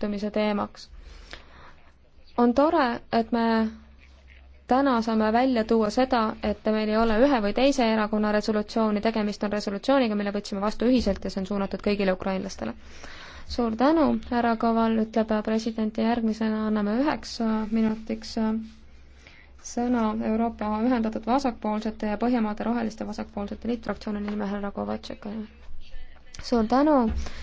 liitumise teemaks. on tore, et me täna saame välja tuua seda, et meil ei ole ühe või teise erakonna resolutsiooni, tegemist on resolutsiooniga, mille võtsime vastu ühiselt ja see on suunatud kõigile ukrainlastele. suur tänu, härra Koval, ütleb president ja järgmisena anname üheks minutiks sõna Euroopa Ühendatud Vasakpoolsete ja Põhjamaade Roheliste Vasakpoolsete Liitfraktsiooni nimel härra Kovatšekale. suur tänu!